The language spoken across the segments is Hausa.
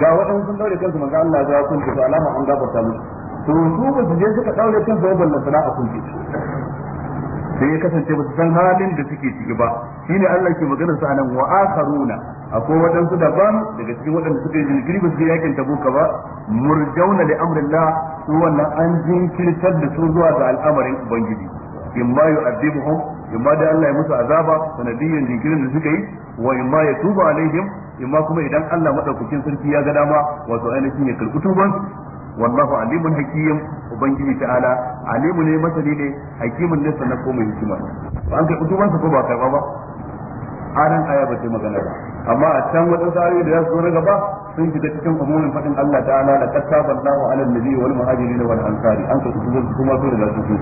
ga waɗansu sun daure kansu manzo Allah ya kun ce alama an gafarta musu to su ba su je suka daure kansu ba ballan sana a kunce sai ya kasance ba su san halin da suke ciki ba shine Allah ke magana sa nan wa akharuna akwai waɗansu daban daga cikin waɗanda suka yi jinkiri ba su je yakin tabuka ba murjauna li amrillah su wannan an jinkirtar da su zuwa ga al'amarin ubangiji in ma yu'adhibuhum in ma da Allah ya musu azaba sanadiyyan jinkirin da suka yi wa in ma yatubu alaihim imma kuma idan Allah madaukakin sarki ya ga dama wato ainihin ya karbi tuban wallahu alimun hakim ubangiji ta'ala alimu ne masani ne hakimun ne sanan ko mai hikima ba an kai tuban sa ko ba karba ba anan aya ba sai magana ba amma a can wadansu ayoyi da za su zo na gaba sun shiga cikin umumin fadin Allah ta'ala da kasaba Allahu alal nabi wal muhajirin wal ansari an karbi tuban kuma da su sun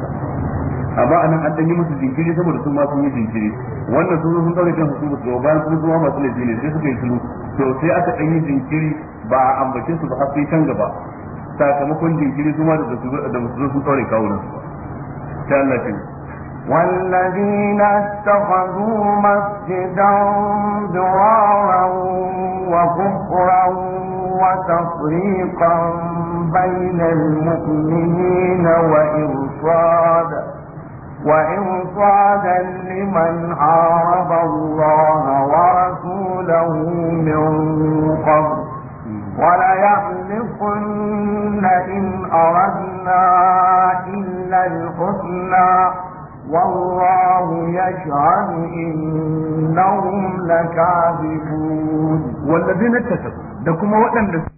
amma anan an danyi musu jinkiri saboda sun ma sun yi jinkiri wannan sun sun daure kansu sun zo bayan sun zuwa masu laifi ne sai suka yi sulu to sai aka yi jinkiri ba a ambace su ba har sai can gaba sakamakon jinkiri su ma da su sun daure kawunan su ba sai Allah ya والذين اتخذوا مسجدا ضرارا وكفرا وتفريقا بين المؤمنين وإرصادا وإرصادا لمن عارض الله ورسوله من قبل وليحلفن إن أردنا إلا الحسنى والله يشهد إنهم لكاذبون والذين اتفقوا لكم كما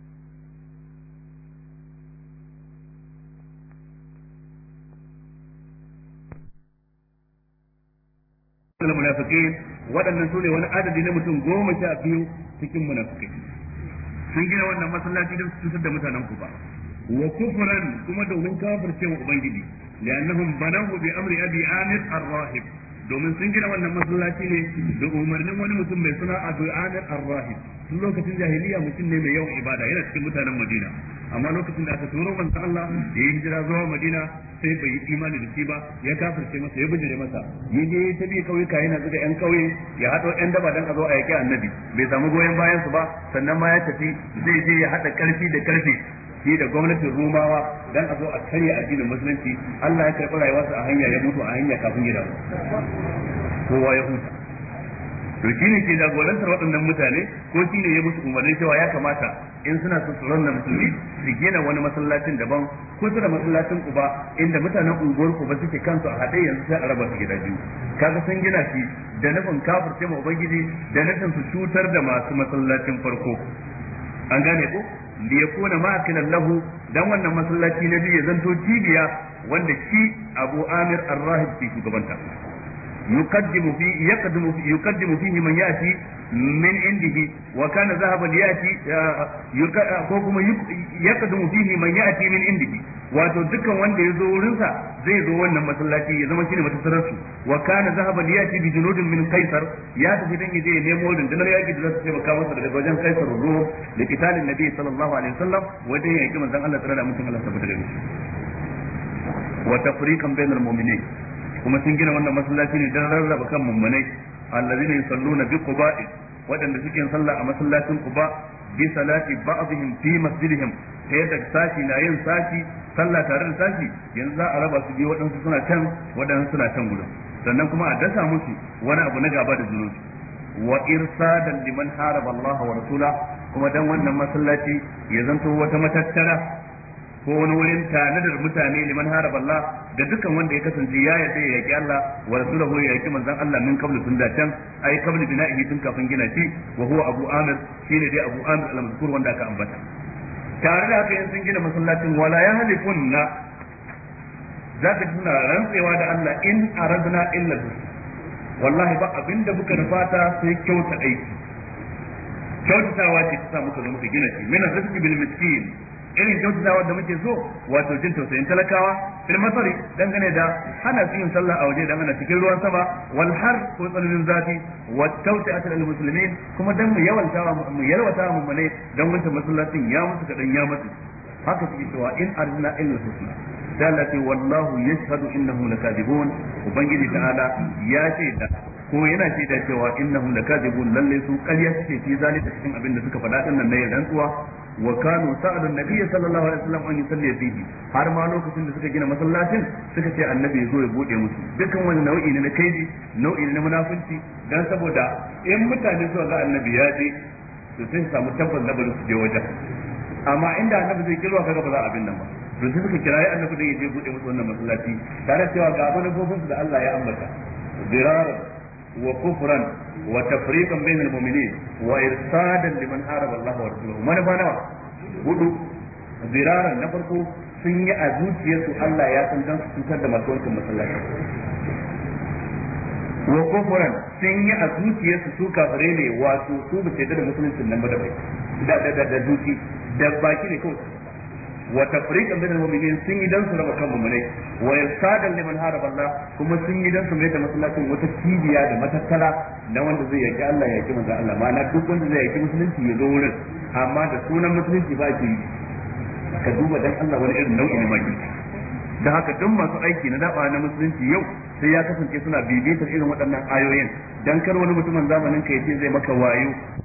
munafikai waɗannan su ne wani adadi na mutum goma sha biyu cikin munafikai sun gina wannan masallaci don su da mutanen ku ba wa kufran kuma domin kafirce wa ubangiji li'annahum banahu bi amri abi amir ar-rahib domin sun gina wannan masallaci ne da umarnin wani mutum mai suna abu amir ar-rahib tun lokacin jahiliya mutum ne mai yawan ibada yana cikin mutanen madina amma lokacin da aka turo manzo Allah ya yi hijira zuwa madina sai bai yi imani da shi ba ya kafirce masa ya bijire masa ya je ta bi kauyuka yana zuga yan kauye ya hado yan daba dan a zo a yake annabi bai samu goyon bayan su ba sannan ma ya tafi zai je ya hada karfi da karfi shi da gwamnatin rumawa dan a zo a karya addinin musulunci Allah ya karɓi rayuwarsa a hanya ya mutu a hanya kafin ya gida kowa ya huta to shine ke jagorantar waɗannan mutane ko shine ya musu umarni cewa ya kamata in suna su tsoron na musulmi su gina wani masallacin daban kusa da masallacin uba inda mutanen unguwar ba suke kansu a haɗe yanzu sai a raba su gida biyu kaga sun gina shi da nufin kafirce ma ubangiji da nufin su cutar da masu masallacin farko an gane ko liyakuna ma'akilan lahu dan wannan masallaci na biyu ya zanto cibiya wanda shi Abu Amir Ar-Rahib ke shugabanta يقدم في يقدم في يقدم فيه من ياتي من عنده وكان ذهبا ياتي كوكما يقدم فيه من ياتي من عنده wato dukkan wanda ya zo wurinsa zai zo wannan masallaci ya zama shine matasarar su wa kana zahaban yati bi junudin min kaisar ya tafi dan yaje ya nemo rundunar yaki da za su taimaka masa daga wajen kaisar ruhu da kitalin nabi sallallahu alaihi wasallam wajen yaki manzon Allah kuma sun gina wannan masallaci ne don rarraba kan mummunai allazina yusalluna bi quba'i waɗanda suke sallah a masallacin quba bi salati ba'dihim fi masjidihim ta yadda sashi na yin sashi sallah tare da sashi yanzu za a raba su biyu waɗansu suna can waɗansu suna can gudan sannan kuma a dasa musu wani abu na gaba da junansu wa irsadan liman haraba Allah wa rasula kuma dan wannan masallaci ya zanto wata matattara ko wani wurin tanadar mutane liman harab Allah da dukkan wanda ya kasance ya yarda ya yaki Allah wa rasuluhu ya yaki manzon Allah min qablu tun da can ai qablu bina'ihi tun kafin gina shi wa huwa Abu Amir shine dai Abu Amir al-mazkur wanda aka ambata tare da haka sun gina masallacin wala ya halifunna za ka tuna rantsewa da Allah in aradna illa wallahi ba abinda muka nufata sai kyauta aiki kyautatawa ce ta sa muka zama muka gina shi mina rizqi bil miskin irin kyautatawa da muke so wato jin tausayin talakawa fil masari dangane da hana su yin sallah a waje dan ana cikin ruwan sama wal har ko tsananin zafi wa tawti'at al muslimin kuma dan mu yawanta mu yarwata mu mane dan wancan masallacin ya mutu kadan ya mutu haka suke cewa in arzina illa husna dalati wallahu yashhadu innahum lakadibun ubangiji ta'ala ya ce da ko yana ce da cewa innahum lakadibun lalle su ƙarya suke fi zalika cikin abin da suka faɗa din nan ne rantsuwa wa kanu sa'adu nabiyyi sallallahu alaihi wasallam an yusalli bihi har ma lokacin da suka gina masallacin suka ce annabi ya zo ya bude musu dukkan wani nau'i ne na kaidi nau'i ne na munafunci dan saboda in mutane suka ga annabi ya je to sai samu tabbas na bari su je wajen amma inda annabi zai kirwa kaga ba za bin nan ba to sai suka kirayi annabi da ya je bude musu wannan masallaci tare cewa ga manufofin su da Allah ya ambata dirar wa kufran wa tafriqan bainal mu'minin wa irsadan liman haraba Allah wa rasulahu man nawa hudu ziraran na farko sun yi a zuciyarsu Allah ya san dan su cutar da masu wancan masallaci wa kufuran sun yi a zuciyarsu su kafare ne wato su ba da musuluncin nan ba da bai da da da zuci da baki ne kawai wa tafriqan bainal mu'minin sun yi dan su raba kan mu'minai wa irsadan liman haraba Allah kuma sun yi dan su mai da masallacin wata cibiya da matattara na wanda zai yaki Allah ya yaki manzo Allah na duk wanda zai yaki musulunci ya zo wurin amma da sunan musulunci ba ki ka duba dan Allah wani irin nau'in maki da haka duk masu aiki na daba na musulunci yau sai ya kasance suna bibitar irin waɗannan ayoyin dan kar wani mutumin zamanin ka yace zai maka wayo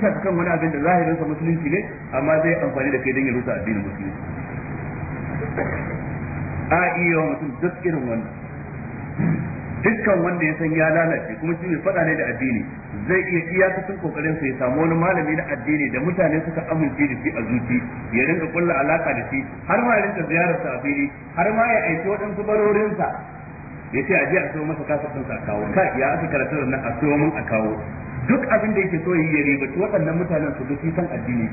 ka kan wani abin da zahirinsa musulunci ne amma zai amfani da kai don ya rusa addinin musulunci a iya mutum duk irin wannan dukkan wanda ya san ya lalace kuma shi mai faɗa ne da addini zai iya iyakacin kokarin sa ya samu wani malami na addini da mutane suka amince da shi a zuci ya rinka kulla alaka da shi har ma ya rinka ziyarar sa a fili har ma ya aiki waɗansu barorin sa ya ce a je a sayo masa kasa sa a kawo ka ya aka karatu nan a sayo mun a kawo duk abin da yake so yi ya ribaci waɗannan mutanen su duk san addini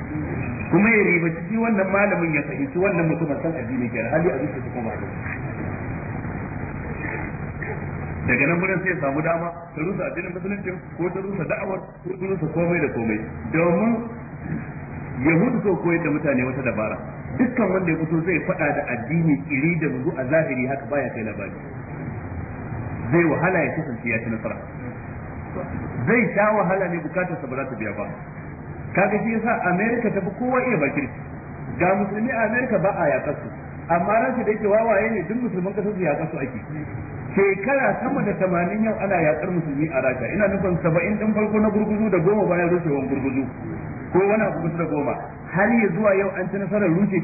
kuma ya ribaci shi wannan malamin ya fahimci wannan mutumin san addini ke hali a su kuma ba daga nan gudan sai ya samu dama ta rusa addinin musulunci ko ta rusa da'awar ko ta rusa komai da komai domin yahudu so koyar da mutane wata dabara dukkan wanda ya fito zai faɗa da addini iri da bugu a zahiri haka baya kai labari zai wahala ya kasance ya ci nasara zai sha wahala ne bukatar sa ba za ta biya ba kaga shi yasa America tafi kowa iya bakin ga musulmi a America ba a su amma ran da yake wawaye ne duk musulman kasar su yakar su ake shekara sama da tamanin yau ana yaƙar musulmi a Rasha ina nufin saba'in ɗin farko na gurguzu da goma bayan rushewar gurguzu ko wani abu da goma har ya zuwa yau an ci nasarar rushe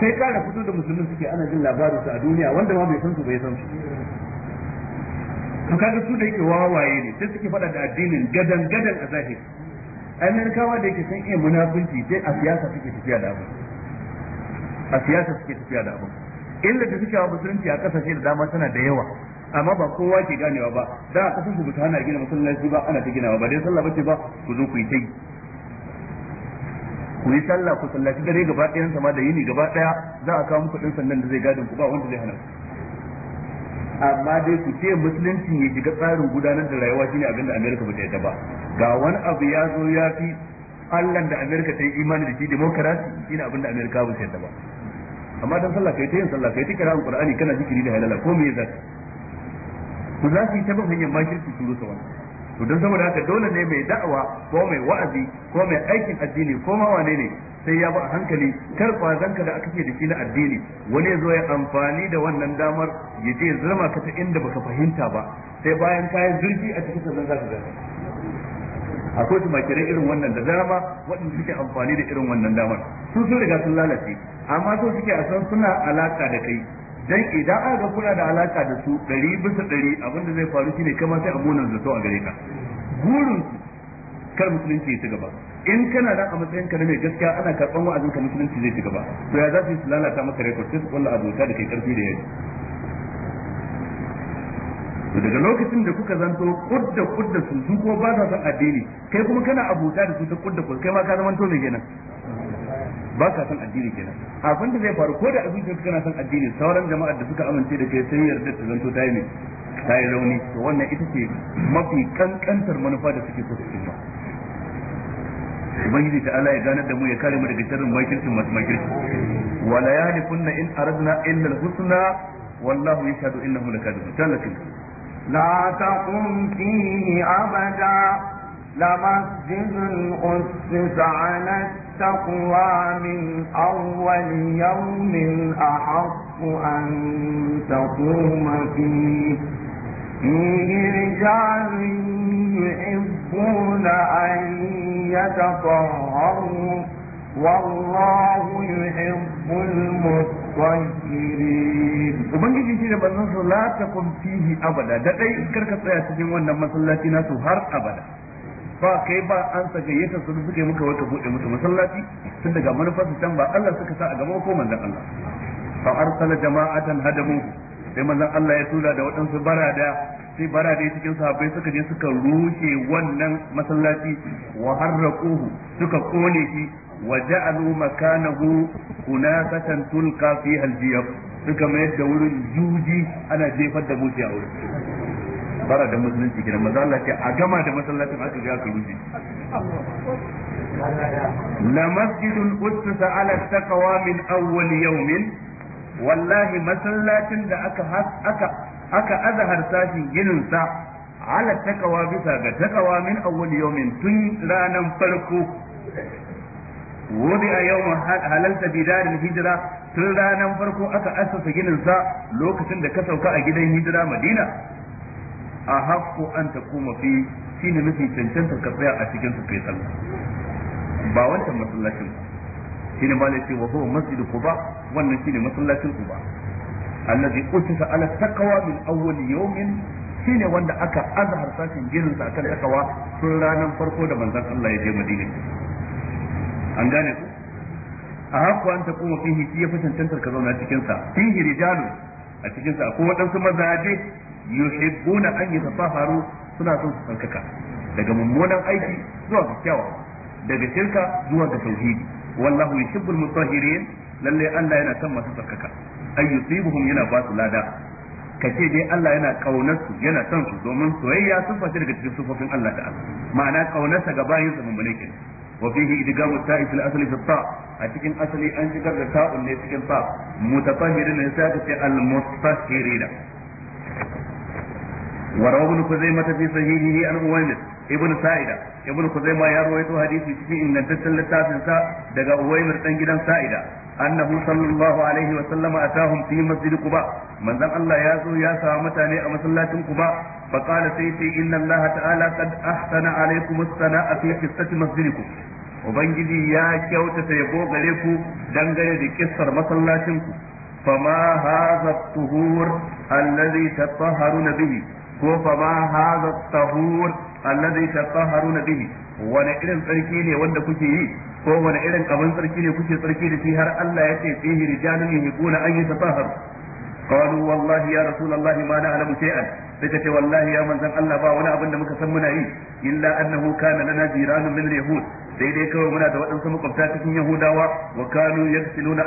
sai kara fito da musulmi suke ana jin labarin a duniya wanda ma bai san su bai san su to kaga su da yake wawaye ne sai suke faɗa da addinin gadan gadan a zahiri amerikawa da yake san iya munafunci sai a siyasa suke tafiya da abu a siyasa suke tafiya da abu illa da suke a musulunci a kasashe da dama tana da yawa amma ba kowa ke ganewa ba da a kasan su hana gina masallaci ba ana ta ginawa ba dai sallah bace ba ku zo ku yi ta yi ku yi sallah ku sallaci dare gaba ɗayan sama da yini gaba ɗaya za a kawo muku ɗin sandan da zai gadin ku ba wanda zai hana ku amma dai ku ce musulunci ya shiga tsarin gudanar da rayuwa shine abinda Amerika ba ta yadda ba ga wani abu ya zo ya fi Allah da Amerika ta yi imani da shi demokarasi shine abinda Amerika ba ta yadda ba amma dan sallah kai ta yin sallah kai ta kira Qur'ani kana zikiri da halala ko me zaka ku za su yi ta bin hanyar makirci su rusa wani to don saboda haka dole ne mai da'awa ko mai wa'azi ko mai aikin addini ko ma wane ne sai ya ba a hankali kar kwazanka da aka ce da shi na addini wani ya zo ya amfani da wannan damar ya je zama ka ta inda baka fahimta ba sai bayan kayan zurfi a cikin sannan zaka gane akwai makirai irin wannan da dama waɗanda suke amfani da irin wannan damar su sun riga sun lalace amma so suke a san suna alaka da kai dan idan aka ga kuna da alaka da su ɗari bisa ɗari abinda zai faru shine kama sai a munan zato a gare ka burin su kar musulunci ya ci gaba in kana da a matsayin ka ne mai gaskiya ana karban wa'azin ka musulunci zai ci gaba to ya za su lalata maka rekord sai su kulla abota da kai karfi da yaji to daga lokacin da kuka zanto kudda kudda su su ko ba sa son addini kai kuma kana abota da su ta kudda kudda kai ma ka zama mai kenan ba ka san addini kenan abin da zai faru ko da abin da kana san addini sauran jama'ar da suka amince da kai sai yarda ta zanto ta yi ne ta yi rauni to wannan ita ce mafi kankantar manufa da suke so su cimma ubangiji ta ala ya ganar da mu ya kare mu daga sharrin makircin masu makirci wala kunna in aradna illa al-husna wallahu yashhadu innahum lakadibun la taqum fihi abada la masjidun أسس ala taqwa min awwal yawmin ahaqqu an taquma fihi فيه رجال يحبون أن يتطهروا والله يحب المطهرين ubangiji shi da banzan su la takum fihi abada da dai karka tsaya cikin wannan masallaci nasu har abada ba kai ba an sa gayyata su suke muka wata bude musu masallaci tun daga manufarsu can ba Allah suka sa a gaba ko manzon Allah fa arsala jama'atan hadamu sai manzon Allah ya tura da waɗansu barada sai barada cikin sahabbai suka je suka rushe wannan masallaci wa harraquhu suka kone shi wa ja'alu makanahu kunasatan tulqa fi aljiyab suka mai da wurin juji ana jefar da mutu a wurin bara da musulunci gidan maza Allah ke a gama da masallacin aka ga ka rushe la masjidul ussisa ala taqwa min awwal wallahi masallacin da aka aka aka azhar sashin ginin sa ala takawa bisa ga takawa min awwal yawmin tun ranan farko wudi a yawan halalta bidarin hijira tun ranan farko aka asasa ginin sa lokacin da ka sauka a gidan hijira madina a haƙƙo an ta koma fi shi ne mafi cancanta ka tsaya a cikin su kai sallah ba wancan masallacin shi ne ce wa huwa masjidu quba wannan shine masallacin uba allazi utisa ala taqwa min awwal yawmin shine wanda aka azhar sakin ginin sa kan takawa sun ranar farko da manzon Allah ya je Madina an gane ku a haku an taku fihi ya fi ka zauna cikin sa fihi rijalu a cikin sa ko waɗansu mazaje yuhibbuna an yatafaharu suna son su tsarkaka daga mummunan aiki zuwa ga kyawawa daga shirka zuwa ga tauhidi wallahu yuhibbul mutahhirin Lallai Allah yana son masu tsarkaka ay yusibuhum yana ba su lada kace dai Allah yana kaunar su yana son su domin soyayya sun fashe daga cikin sufofin Allah ta'ala ma'ana kaunarsa ga bayin sa mun ke wa fihi idgamu ta'i fil asli fi ta a cikin asali an shigar da ta'un ne cikin ta mutatahhirin ne sai ce al mutahhirina وروى ابن خزيمة في صحيحه عن أوينس ibn sa'ida ibn kuzaima ya rawaito hadisi cikin ingantaccen littafin sa daga uwaymir dan gidan sa'ida annahu sallallahu alaihi wa sallama atahum fi masjid quba manzon Allah ya zo ya sa mutane a masallacin quba fa qala sai sai inna Allah ta'ala qad ahsana alaikum as-sana'a fi qissati masjidikum ubangiji ya kyautata yabo gare ku dangane da kissar masallacin ku fama hadha at-tuhur alladhi bihi ko fama hadha at alladhi tatahharuna bihi wani irin tsarki ne wanda kuke yi ko wani irin abin tsarki ne kuke tsarki da shi har Allah ya ce fihi rijalun yuhibbuna an yatahharu قالوا والله يا mana alamu ما نعلم شيئا فكت والله يا من زن الله با ولا أبن مك سمنا إيه إلا أنه كان لنا جيران من اليهود sai dai kawai muna da waɗansu makwabta cikin Yahudawa wa kanu yagsiluna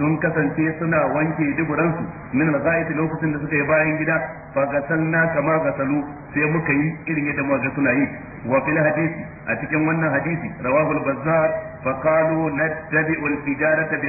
sun kasance suna wanke duburansu min al lokacin da suka yi bayan gida fa gasalna kama gasalu sai muka yi irin yadda muka ga suna yi wa hadisi a cikin wannan hadisi rawahu bazar bazzar na qalu nattabi'u al-tijarata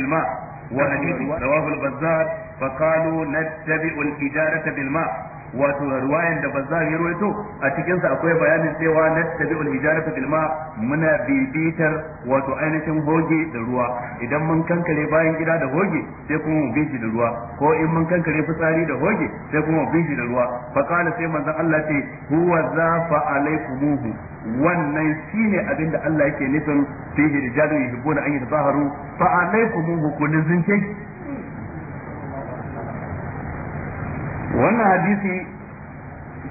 وأجيب رواه البزار فقالوا نتبع الإجارة بالماء wato ruwayan da bazzar ya to a cikin sa akwai bayanin cewa na tabi'ul hijaratu bil ma muna bibitar wato ainihin hoge da ruwa idan mun kankare bayan gida da hoge sai kuma mu bishi da ruwa ko in mun kankare fitsari da hoge sai kuma mu bishi da ruwa fa kana sai manzon Allah ce huwa za fa alaikumuhu wannan shine abin da Allah yake nufin fi hijaru yuhibbuna an yatazaharu fa alaikumuhu kullu zinkin wannan hadisi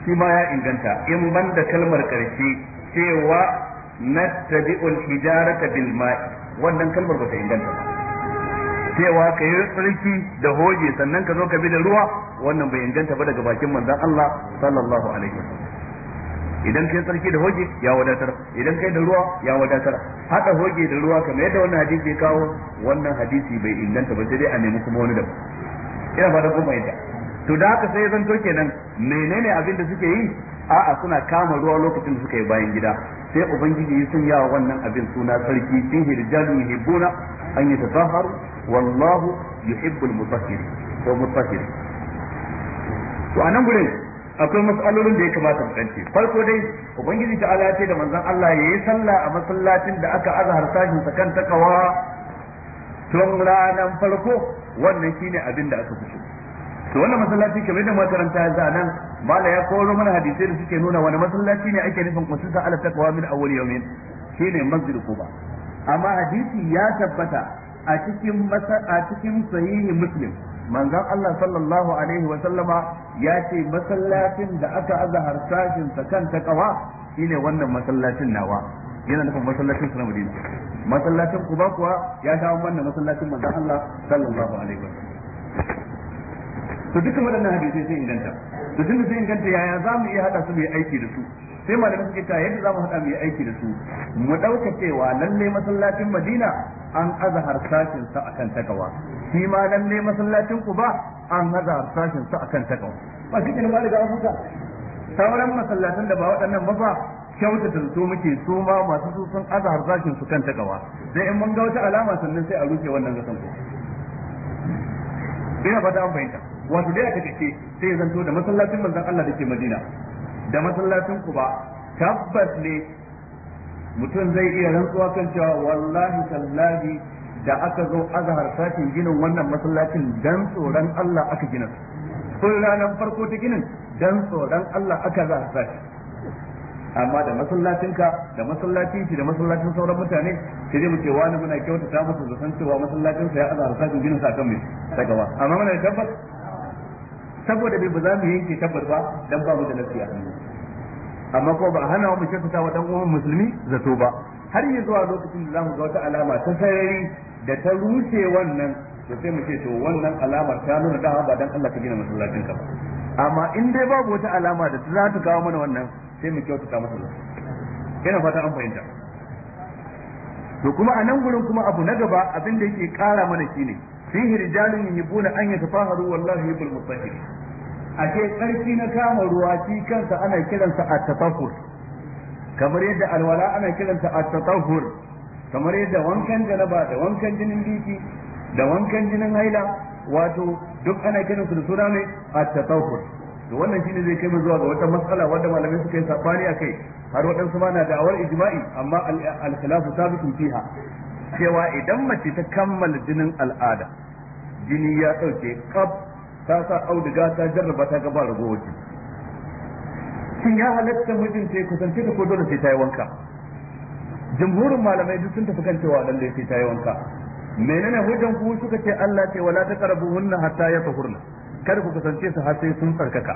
shi ma ya inganta in ban da kalmar karshe cewa tabi'ul hijarata bil ma'i wannan kalmar ba ta inganta ba cewa ka yi tsarki da hoje sannan ka zo ka bi da ruwa wannan bai inganta ba daga bakin manzon Allah sallallahu alaihi wasallam idan kai tsarki da hoje ya wadatar idan kai da ruwa ya wadatar Haka hoje da ruwa kamar yadda wannan hadisi ya kawo wannan hadisi bai inganta ba sai dai a nemi kuma wani daban ina ba da kuma yadda to da haka sai turke nan, menene abin da suke yi a'a suna kama ruwa lokacin da suka yi bayan gida sai ubangiji ya sun yawa wannan abin suna sarki sun hirjalu yuhibbuna an tafahar wallahu yuhibbul mutahhir ko mutahhir to anan gure akwai mas'alolin da ya kamata mu dace farko dai ubangiji ta ala ce da manzon Allah yayi sallah a masallacin da aka azhar sashin sakan takawa tun ranan farko wannan shine abin da aka fito to wannan masallaci kamar da makaranta ya zanan mala ya koro mana hadisai da suke nuna wani masallaci ne ake nufin kusurta ala taqwa min awwal yawmin shine masjid quba amma hadisi ya tabbata a cikin a cikin sahihi muslim manzon Allah sallallahu alaihi wa sallama ya ce masallacin da aka aza harsashin ta kan taqwa shine wannan masallacin nawa yana nufin masallacin sa na Madina masallacin Quba kuwa ya dawo wannan masallacin manzon Allah sallallahu alaihi wa sallam to duka waɗannan hadisi sai inganta to tunda sai inganta yaya za mu iya haɗa su mu yi aiki da su sai malamai suke ta yadda za mu haɗa mu yi aiki da su mu ɗauka cewa lalle masallacin madina an aza harsashin sa akan takawa shi ma lalle masallacin ku ba an aza harsashin sa akan takawa ba shi ne ba daga afuka sauran masallatan da ba waɗannan ba ba da zato muke so ma masu su sun aza harsashin su kan takawa sai in mun ga wata alama sannan sai a rufe wannan zaton ko ina fata an fahimta wato dai aka ce sai ya zanto da masallacin manzon Allah da ke Madina da masallacin ba tabbas ne mutum zai iya rantsuwa kan cewa wallahi tallahi da aka zo azhar sakin ginin wannan masallacin dan tsoron Allah aka gina sun ranar farko ta ginin dan tsoron Allah aka zahar sati, amma da masallacinka da masallacin ki da masallacin sauran mutane sai dai mu ce wani muna kyautata musu da san cewa masallacin sa ya azhar sakin ginin sa kan mai ta gaba amma muna tabbas saboda bai ba za mu yanke tabbar ba dan ba mu da lafiya amma ko ba hana mu kyautata wa dan uwan musulmi zato ba har yi zuwa lokacin da zamu ga wata alama ta sarari da ta rushe wannan to sai mu ce to wannan alamar ta nuna da ba dan Allah ka gina masallacin ka amma in dai babu wata alama da ta za ta kawo mana wannan sai mu kyautata masa zato fata an fahimta to kuma a nan gurin kuma abu na gaba abin da yake kara mana shine fihi rijalun yuhibbuna an yatafaharu wallahi bil mutahhirin ce tsarki na kama ruwa shi kansa ana kiransa a tatahhur kamar yadda alwala ana kiransa a tatahhur kamar yadda wankan janaba da wankan jinin biki da wankan jinin haila wato duk ana kiransu da suna ne a tatahhur to wannan shine zai kai mu zuwa ga wata matsala wanda malamai suka yi sabani kai, har waɗansu ma na da'awar ijma'i amma al-khilafu sabitun fiha cewa idan mace ta kammala jinin al'ada jini ya dauke kaf ta sa auduga ta jarraba ta ga ba ragowar shin ya halatta mijin ta kusance ta ko dole sai ta yi wanka Jamhurin malamai duk sun tafi kan cewa dan da sai ta yi wanka menene hujjan ku suka ce Allah ce wala hunna hatta yatahurna kada ku kusance su har sai sun tsarkaka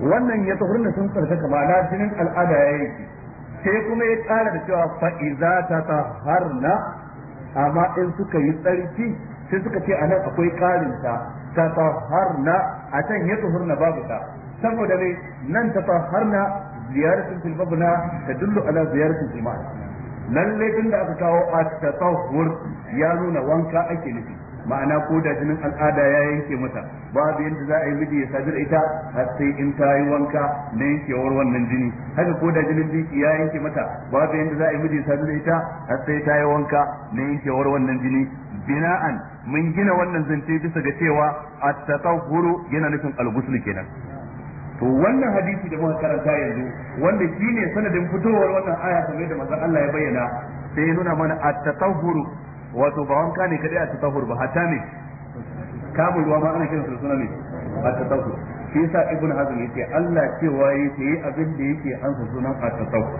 wannan ya tahurna sun tsarkaka ma'ana jinin al'ada ya yi sai kuma ya kara da cewa fa iza taharna amma in suka yi tsarki sai suka ce anan akwai karin ta tatahharna a can ya tuhurna babu ta saboda ne nan tatahharna ziyaratin fil ta dullu ala ziyaratin fil nan lalle tunda aka kawo at tatahur ya nuna wanka ake nufi ma'ana ko da jinin al'ada ya yanke mata babu yadda za a yi miji ya sadar ita har sai in ta yi wanka na yankewar wannan jini haka ko da jinin biki ya yanke mata babu yadda za a yi miji ya sadar ita har sai ta yi wanka na yankewar wannan jini bina'an mun gina wannan zance bisa ga cewa at-tatahhuru yana nufin al-ghusl kenan to wannan hadisi da muka karanta yanzu wanda shine sanadin fitowar wannan aya kamar da manzon Allah ya bayyana sai ya nuna mana at-tatahhuru wato ba wanka ne kadai a tatahur ba hatta ne kamun ruwa ma ana kiran su suna ne a tatahur shi yasa ibnu hazm yace Allah cewa yace yi abin da yake ansa sunan a tatahur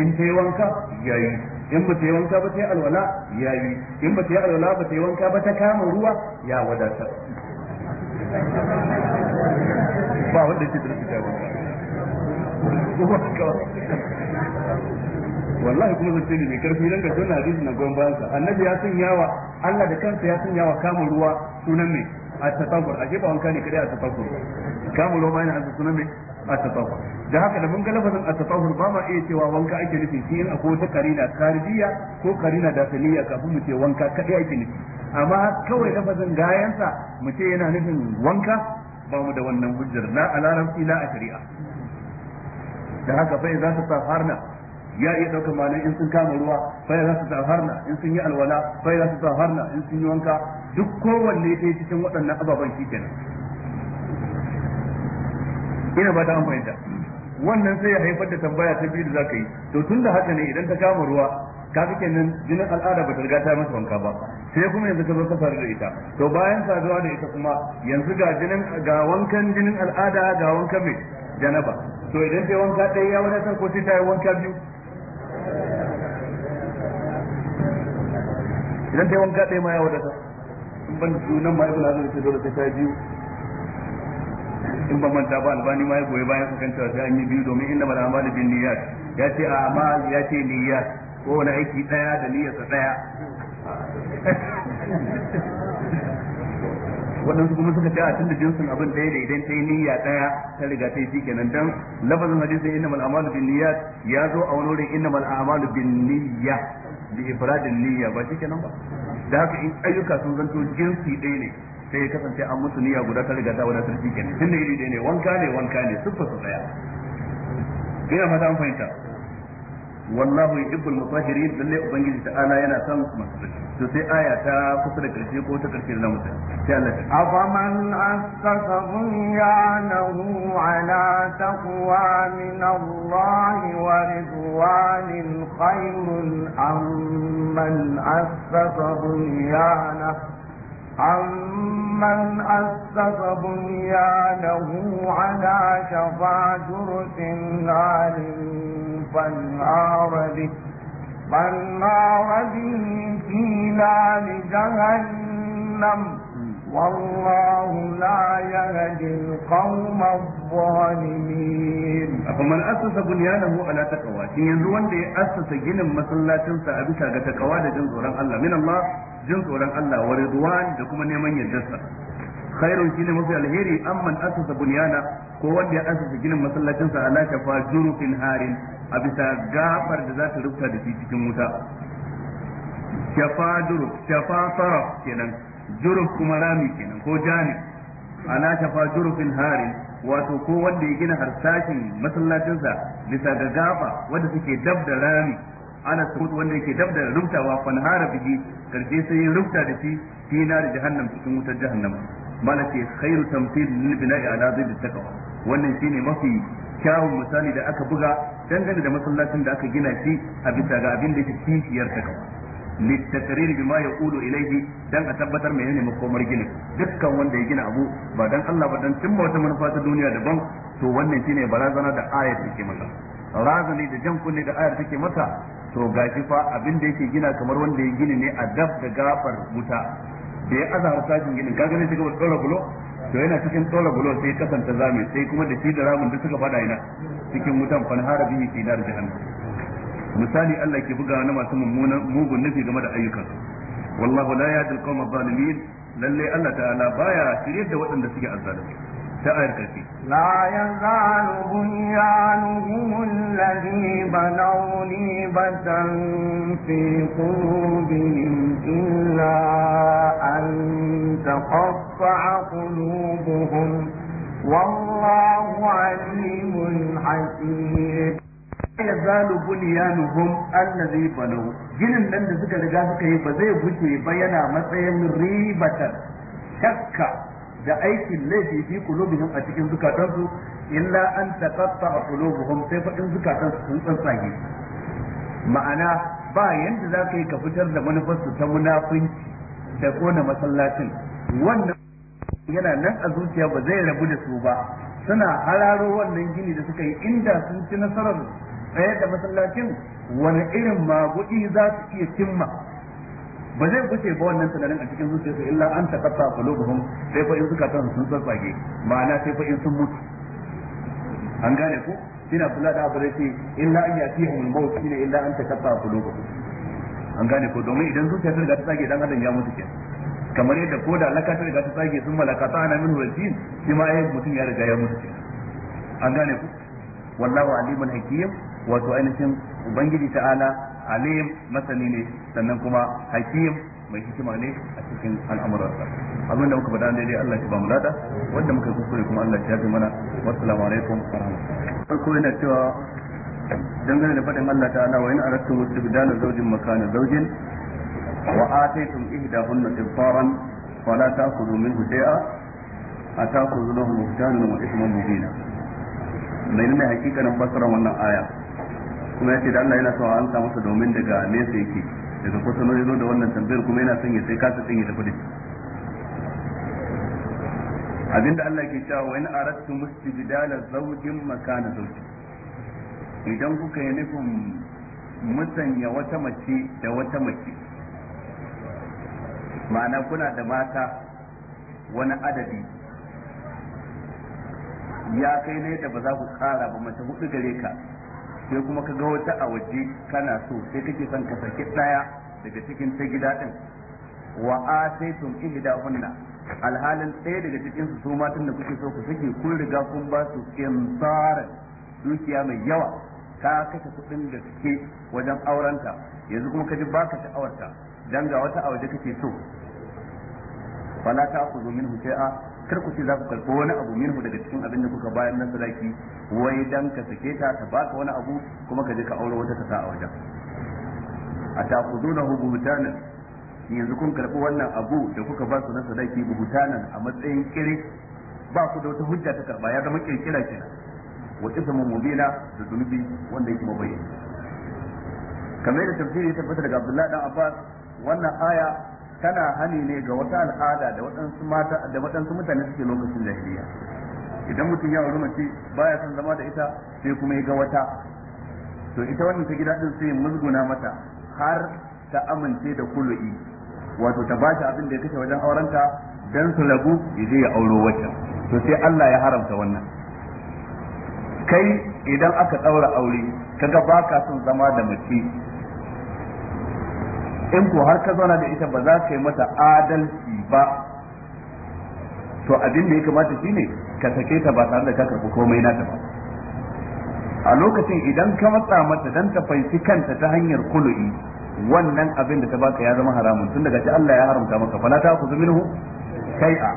in ta yi wanka yayi in ba ta yi wanka ba ta yi alwala yayi in ba ta yi alwala ba ta yi wanka ba ta kama ruwa ya wadatar ba wanda ke da su ta wallahi kuma zai ne mai karfi don ga sunna hadisi na goyon bayan sa annabi ya sun yawa Allah da kansa ya sun yawa kama ruwa sunan mai a tatawwur aje ba wanka ne kada a tatawwur kama ruwa bayan an sunan mai a tatawwur da haka da mun ga lafazin at ba ma iya cewa wanka ake nufi shi in akwai wata karina kharijiyya ko karina dakhiliyya kafin mu ce wanka kadai ake nufi amma kawai lafazin gayansa mu ce yana nufin wanka ba mu da wannan hujjar na a larabci la a shari'a da haka fa idza tasaharna ya iya daukar malai in sun kama ruwa fa za su zaharna in sun yi alwala fa za su zaharna in sun yi wanka duk kowanne ɗaya cikin waɗannan ababen shi kenan ina ba ta amfani wannan sai ya haifar da tambaya ta biyu da zaka yi to tunda haka ne idan ta kama ruwa kaga kenan jinin al'ada bata riga ta masa wanka ba sai kuma yanzu ka zo ka faru da ita to bayan saduwa da ita kuma yanzu ga jinin ga wankan jinin al'ada ga wankan mai janaba to idan sai wanka ɗaya ya wadatar ko sai ta yi wanka biyu idan ta yi wanka ɗaya ma ya wadata in ban sunan ma ibn hazm ce dole sai ta biyu in ban manta ba albani ma ya goyi bayan su kan cewa sai an yi biyu domin inda mal amalu bin niyyat ya ce a amal ya ce niyyat ko wani aiki ɗaya da niyyarsa ɗaya waɗansu kuma suka ce a tun da jinsin abin ɗaya da idan ta yi niyya ɗaya ta riga ta yi shi kenan dan lafazin hadisin mal a'malu bin niyya ya zo a wani wurin mal a'malu bin niyya bi ifradin niyya ba shi kenan ba da haka in ayyuka sun zanto jinsi ɗaya ne sai ya kasance an musu niyya guda ta riga ta wadatar shi kenan tun da iri ɗaya ne wanka ne wanka ne siffa su ɗaya ina fata an fahimta wallahu yuhibbul mutahhirin lalle ubangiji ta'ala yana son masu tsarki to aya ta kusa da karshe ko ta karshe na mutum sai Allah ta afaman asqasa bunyanahu ala taqwa min Allah amman asqasa عمن أسس بنيانه على شفا جرس نار فانهار به فانهار به في نار جهنم والله لا يهدي القوم الظالمين فمن أسس بنيانه على تقوى إن ينزوان دي أسس جنم مسلا تنسى أبسا تقوى جنس الله من الله جنس الله ورضوان kuma نيمان يجسر khairun shine mafi alheri amman asasa bunyana ko wanda ya asasa ginin masallacin sa ala shafa jurufin harin a bisa da za ta rubuta da cikin wuta shafa juruf kenan juruf kuma rami kenan ko jani ala shafa jurufin hari wato ko wanda ya gina harsashin masallacinsa bisa ga gaba wanda suke dab da rami ana sukut wanda yake dab da rubtawa fanhara biji karje sai ya rubta da shi fi da jahannam cikin wutar jahannam mala khairu tamthil lil bina'i ala dhidd taqwa wannan shine mafi kyawun misali da aka buga dangane da masallacin da aka gina shi a bisa ga abin da yake yar taqwa litakrir bima yaqulu ilayhi dan a tabbatar menene makomar ginin dukkan wanda ya gina abu ba dan Allah ba dan cimma wata manufa ta duniya daban to wannan shine barazana da ayat take maka. razani da jan kunne da ayar take masa to gashi fa abin da yake gina kamar wanda ya gini ne a dab da gafar wuta da ya azahar sashin ginin kaga ne shiga tsora bulo to yana cikin tsora bulo sai kasanta zame sai kuma da shi da ramin da suka fada ina cikin wutan fanhara bihi fi nar jahannam misali Allah ke buga na masu mummunan mugun nufi game da ayyukan wallahu la yahdi qawm adh-dhalimin lalle Allah ta'ala baya shirye da waɗanda suke azzalimi ta ayar kafi la yazalu bunyanuhum alladhi banaw li batan fi qulubihim illa an taqaffa qulubuhum والله عليم حكيم ya zalu bunyanuhum allazi banau ginin nan da suka riga suka yi ba zai gushe ba yana matsayin ribatan shakka da aikin laifi fi qulubihim a cikin zukatansu illa an taqatta qulubuhum sai zukatan zukatansu sun tsantsage ma'ana ba yanda za ka yi ka fitar da manufarsu ta munafinci da kona masallacin wannan yana nan a zuciya ba zai rabu da su ba suna hararo wannan gini da suka yi inda sun ci nasarar tsayar da masallacin wani irin magudi za su iya cimma ba zai guce ba wannan tunanin a cikin sai illa an takatta qulubuhum sai fa in suka tsaya sun tsatsage ma'ana sai fa in sun mutu an gane ku shi kula da abu da ce illa an yatihum al mawt shine illa an takatta lokacin an gane ko domin idan zuciya ta riga ta tsage dan adam ya mutu kenan kamar yadda ko da laka ta riga ta tsage sun malakata ana min wajin shi ma ayyukan mutum ya riga ya mutu an gane ku wallahu alimul hakim wato ainihin ubangiji ta'ala alim masani ne sannan kuma hakim mai hikima ne a cikin al'amuransa abin da muka faɗa dai Allah ya ba mu lada wanda muka kuskure kuma Allah ya yafe mana wassalamu alaikum wa rahmatullahi farko yana cewa dangane da faɗin Allah ta'ala wa in aratu istibdala zawjin makana zawjin wa ataytum ihdahunna ibtaran fala ta'khudhu minhu shay'a ata'khudhu lahu buhtanan wa ithman mubina ne hakikanin fasarar wannan aya kuma ya ce da Allah yana son an sa masa domin daga nesa yake daga kusa na zo da wannan tambayar kuma yana son ya sai kasa din tafi da shi abinda Allah ke cewa wa in musu mustibdala zaujin makana zauci idan kuka yi nufin musanya wata mace da wata mace ma'ana kuna da mata wani adadi ya kai ne da ba za ku kara ba mace hudu gare ka sai kuma ka ga wata a waje kana so sai kake son ka saki daya daga cikin ta gida din wa ataytum ihdahunna alhalin ɗaya daga cikin su matan da kuke so ku sake ku riga kun ba su kimsaran dukiya mai yawa ka kashe kuɗin da suke wajen aurenta yanzu kuma ka ji ba ka sha'awarta dan ga wata a waje kake so fala ta ku zo a? kar ku ce za ku karɓi wani abu minhu daga cikin abin da kuka bayar na sadaki wai dan ka sake ta ta baka wani abu kuma ka je ka aure wata ta sa a wajen a takudunahu buhutanan yanzu kun karɓi wannan abu da kuka ba su na sadaki buhutanan a matsayin kire ba ku da wata hujja ta karɓa ya zama kirkira kenan wa ismu mubina da zunubi wanda yake mabayyana kamar da tafsiri ya tabbata daga Abdullahi dan Abbas wannan aya tana hani ne ga wata al'ada da waɗansu mata da waɗansu mutane suke lokacin jahiliya idan mutum ya auri mace baya son zama da ita sai kuma ya ga wata to ita wannan ta gida din sai musguna mata har ta amince da kulu'i wato ta ba shi abin da ya kashe wajen aurenta dan su lagu ya je ya auro wacce to sai Allah ya haramta wannan kai idan aka ɗaura aure kaga baka son zama da mace in ko har ka zauna da ita ba za ka yi mata adalci ba to abin da ya kamata shine ka sake ta ba tare da ka karɓi komai nata ba a lokacin idan ka matsa mata dan ta fahimci kanta ta hanyar kulu'i wannan abin da ta baka ya zama haramun tun daga ci Allah ya haramta maka fala ta ku minhu kai'a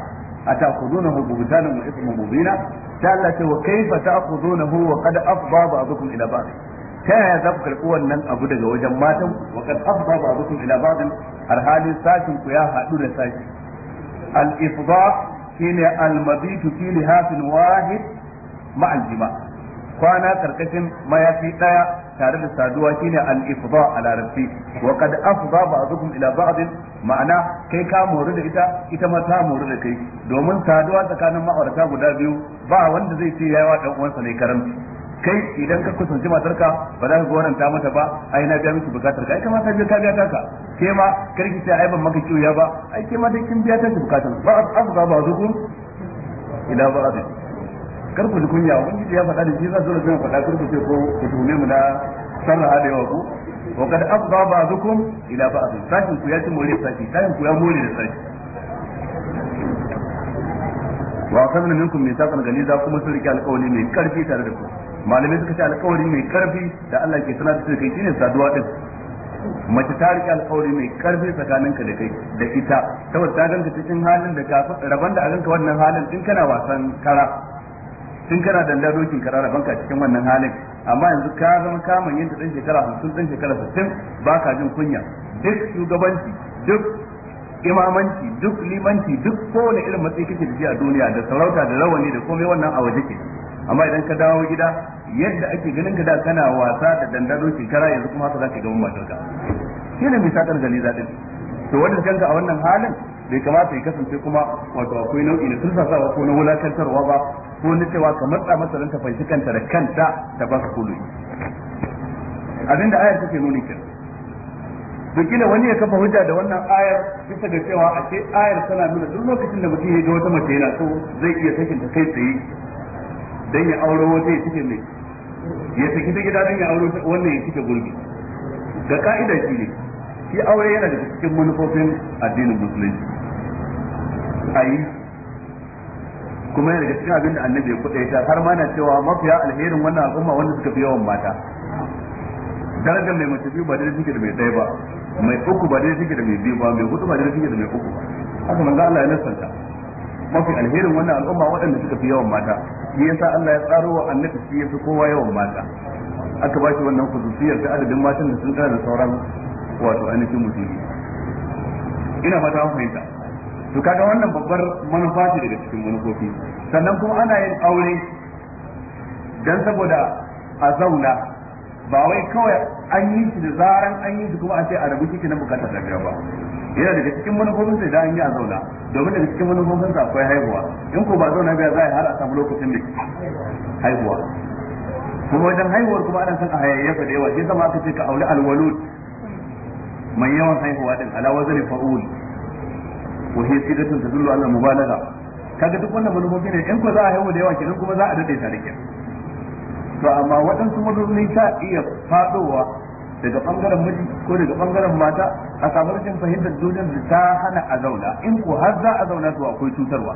atakhuduna hu bubtanan wa ithman mubina ta Allah ce wa kaifa ta'khudunahu wa afba ba ba'dukum ila ba'd ta yaya za ku karɓi wannan abu daga wajen matan wa kad afda ba'dukum ila ba'din har halin sashin ku ya haɗu da sashi al ifda shine al mabitu fi lihafin wahid ma al jima kwana karkashin mayafi daya tare da saduwa shine al ifda a larabci wa kad afda ba'dukum ila ba'din ma'ana kai ka mori da ita ita ma ta mori da kai domin saduwa tsakanin ma'aurata guda biyu ba wanda zai ce yawa dan uwansa ne karamci kai idan ka kusanci ka ba za ka goranta mata ba ai na biya miki bukatar ka ai kamar ka biya ka biya ka ke ma karki sai ai ban maka kiyoya ba ai ke ma dai kin biya ta bukatar ba abu ba ba zuku ila ba abu kar ku ji kunya wani ya faɗa da shi za su zo da faɗa kurku ce ko ku tume mu da sarra da yawa ku wa kad afdha ba'dukum ila ba'd sai ku ya ci more saki sai ku ya more da saki wa kana minkum mithaqan ganiza kuma sun rike alƙawari mai karfi tare da ku malamai suka ce alkawari mai karfi da Allah ke sanar da kai shine saduwa din mace ta rike alkawari mai karfi tsakaninka da kai da ita saboda ta ganka cikin halin da ka raban da a ganka wannan halin din kana wasan kara tun kana da dokin kara raban ka cikin wannan halin amma yanzu ka zama kamar yin dan shekara 50 dan shekara 60 baka jin kunya duk shugabanci duk imamanci duk limanci duk kowane irin matsayi kake da shi a duniya da sarauta da rawani da komai wannan a waje ke amma idan ka dawo gida yadda ake ganin ka da kana wasa da dandano shekara yanzu kuma haka zaka mun matarka shine mai sakar gani zaɗin to wannan kanka a wannan halin bai kamata ya kasance kuma wato akwai nau'i na tursasawa ko na wulakantarwa ba ko na cewa ka matsa masa ta fanci kanta da kanta ta ba ka kulu abin ayar take nuni kin to kila wani ya kafa hujja da wannan ayar bisa ga cewa a ce ayar tana nuna duk lokacin da mutum ya ga wata mace yana so zai iya sakin ta kai tsaye dan ya auro wata ya cike mai ya saki ta gida dan ya auro wannan ya cike gurbi ga ka'ida shi ne shi aure yana da cikin manufofin addinin musulunci ayi kuma yana da cikin abin da annabi ya kuɗa ta har ma na cewa mafiya alherin wannan al'umma wanda suka fi yawan mata darajar mai mace biyu ba da suke da mai ɗaya ba mai uku ba da suke da mai biyu ba mai hudu ba da suke da mai uku ba haka manzo Allah ya nasanta mafi alherin wannan al'umma waɗanda suka fi yawan mata shi yasa Allah ya tsaro wa annabi shi fi kowa yawan mata aka ba shi wannan khususiyar ta adadin matan da sun tsara da sauran wato ainihin musulmi ina fata an fahimta to kaga wannan babbar manufa ce daga cikin manufofi sannan kuma ana yin aure dan saboda a zauna ba wai kawai an yi shi da zaran an yi shi kuma a ce a rabu shi na bukatar da ba yana daga cikin manufofin sai da an yi a zauna domin daga cikin manufofin sa akwai haihuwa in ko ba zauna biya za a yi har a samu lokacin da haihuwa kuma wajen haihuwar kuma ana son a hayayyafa da yawa shi zama aka ce ka auri alwalud mai yawan haihuwa din ala wazani fa'ul wa hiya sidatun tadullu ala mubalagha kaga duk wannan manufofi ne in ko za a haihu da yawa kenan kuma za a dade tare kenan to amma waɗansu matsaloli ta iya faɗowa daga ɓangaren miji ko daga ɓangaren mata a samu rashin fahimtar duniyar da ta hana a zauna in ko har za a zauna to akwai cutarwa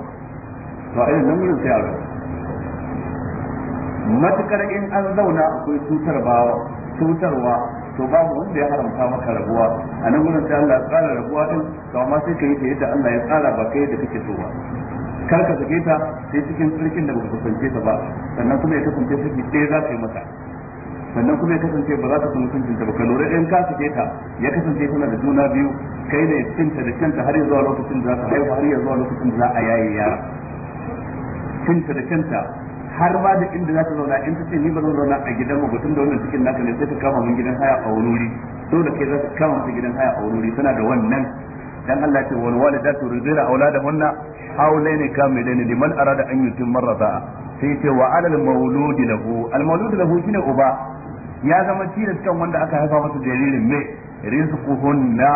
to a irin nan wurin sai a rabu matukar in an zauna akwai cutarwa cutarwa to babu wanda ya haramta maka rabuwa a nan wurin sai Allah ya tsara rabuwa din to amma sai ka yi ta yadda Allah ya tsara ba kai da kake so ba kar ka sake ta sai cikin tsirkin da ba ka kusance ta ba sannan kuma ya kasance ta ɗaya za ta yi mata sannan kuma ya kasance ba za ta san mutuncin ta ba ka lura in ka sake ta ya kasance tana da juna biyu kai ne ta da kanta har zuwa lokacin da za ka haihu har zuwa lokacin da za a yaye yara ta da kanta har ba da inda za ta zauna in ta ce ni ba zan zauna a gidan mu mutum da wannan cikin naka ne sai ta kama mun gidan haya a wani wuri dole kai za ta kama mun gidan haya a wuri tana da wannan dan Allah ce wal walidatu yurdina auladahunna hawlaini kamilaini liman arada an yutimma radaa sai ce wa alal maulud lahu al maulud lahu shine uba ya zama tilas kan wanda aka haifa masa jaririn me rizquhunna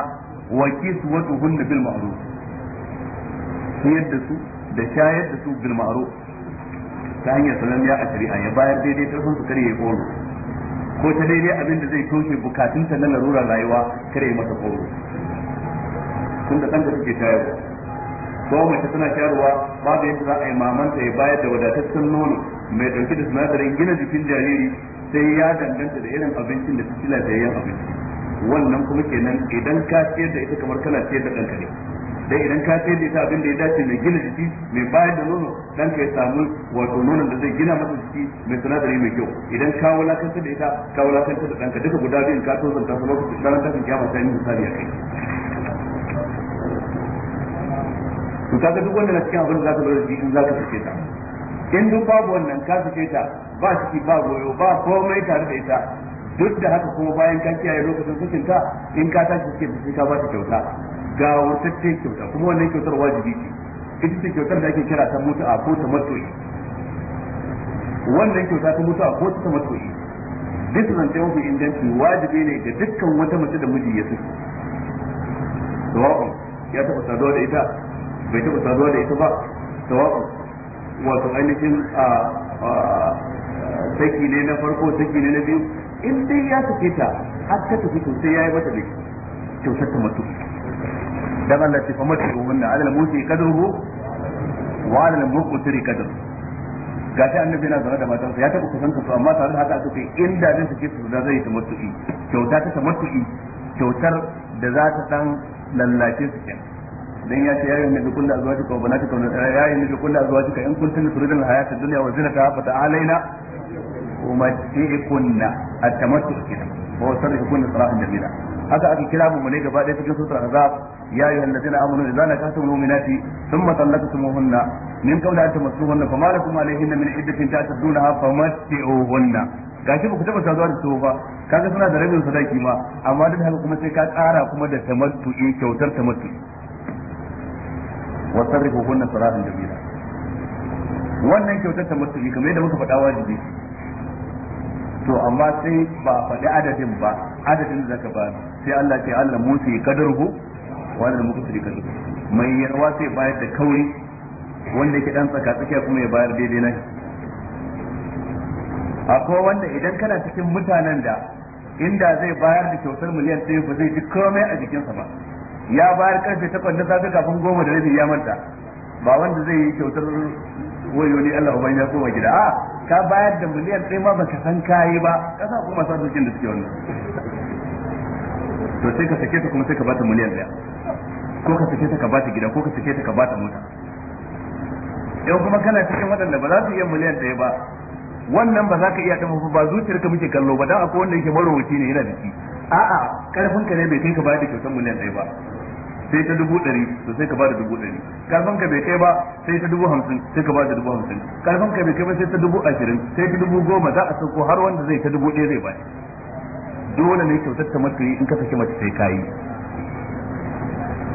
wa kiswatuhunna bil ma'ruf ciyar da su da shayar da su bil ma'ruf ta hanyar sanan ya a shari'a ya bayar daidai ta karfin su kare ya koro ko ta daidai abin da zai toshe bukatunta na larurar rayuwa kare masa koro tun da kanta take shayarwa ko mace tana shayarwa da yadda za a yi mamanta ya bayar da wadataccen nono mai dauke da sinadarin gina jikin jariri sai ya danganta da irin abincin da da lafiyayyen abinci wannan kuma kenan idan ka ciyar da ita kamar kana ciyar da ɗanka ne dai idan ka ciyar da ita abin da ya dace mai gina jiki mai bayar da nono ɗanka ya samu wato nonon da zai gina masa jiki mai sinadari mai kyau idan ka wulakanta da ita ka wulakanta da ɗanka duka guda biyun ka tozanta su lokacin ranar tashin kiyama sai misali a kai to kaga duk wanda na cikin abin da zaka lura shi in zaka fice ta in duk babu wannan ka fice ta ba ki ba goyo ba komai tare da ita duk da haka kuma bayan ka kiyaye lokacin fice ta in ka tashi fice ta ka ba ta kyauta ga wurtacce kyauta kuma wannan kyautar wajibi ce ita ce kyautar da ake kira ta a ko ta matoyi wannan kyauta ta a ko ta matoyi duk zance mafi inganci wajibi ne ga dukkan wata mace da miji ya saki sawa'un ya taɓa saduwa da ita bai taɓa saduwa da ita ba tawafin wato ainihin a saki ne na farko saki ne na biyu in dai ya tafi ta har ta tafi to sai yayi mata laifi. kyautar ta mutu dan Allah ce fa mata wannan alal musi kadruhu wa alal muqtiri kadru ga ta annabi na zama da matansa ya taɓa kusanta su amma tare da haka aka ce da zai sake su da zai ta mutu kyauta ta ta mutu kyautar da za ta dan lallace su kenan dan ya ce ya yi nabi kullu azwajika wa banatika eh, ya yi nabi kullu azwajika in kuntum turidun hayatad dunya wa zinataha fa ta'alaina umatti'ikunna at-tamattu kidan wa sarrifukunna sarahan jamila haka aka kira mu ne gaba ɗaya cikin sutura azab ya ayyuhal ladina amanu idza nakahtum mu'minati thumma talaqtumuhunna min qawli an tamassuhunna fama lakum alayhinna min iddatin ta'tadunaha famatti'uhunna gashi ba ku taba saduwa da su ba kaga suna da rabin sadaki ma amma duk haka kuma sai ka ƙara kuma da tamattu'i kyautar tamattu'i wasarrifu kunna sarahan jamila wannan kyautar ta musulmi kamar yadda muka faɗa wajibi to amma sai ba faɗi adadin ba adadin da zaka ba sai Allah ce Allah ya kadarhu wa da mukusri kadu mai yarwa sai bayar da kauri wanda yake dan tsaka tsakiya kuma ya bayar daidai nan akwai wanda idan kana cikin mutanen da inda zai bayar da kyautar miliyan ɗaya ba zai ji komai a jikinsa ba ya bayar karfe takwas na safe kafin goma da rabi ya manta ba wanda zai yi kyautar wayoyi Allah ba ya koma gida a ka bayar da miliyan ɗaya ma baka san kayi ba kasa kuma sasokin da suke wannan to sai ka sake ta kuma sai ka bata miliyan ɗaya ko ka sake ta ka bata gida ko ka sake ta ka bata mota yau kuma kana cikin waɗanda ba za su iya miliyan ɗaya ba wannan ba za ka iya ta ba zuciyarka muke kallo ba dan akwai wanda yake marowaci ne yana da shi a'a karfin ka ne bai kai ka bayar da kyautar miliyan ɗaya ba sai ta dubu ɗari to sai ka bada dubu ɗari karfin ka bai kai ba sai ta dubu hamsin sai ka bada dubu hamsin karfin ka bai kai ba sai ta dubu ashirin sai ta dubu goma za a sauko har wanda zai ta dubu ɗaya zai bayar dole ne kyautar ta mace in ka saki mace sai ka yi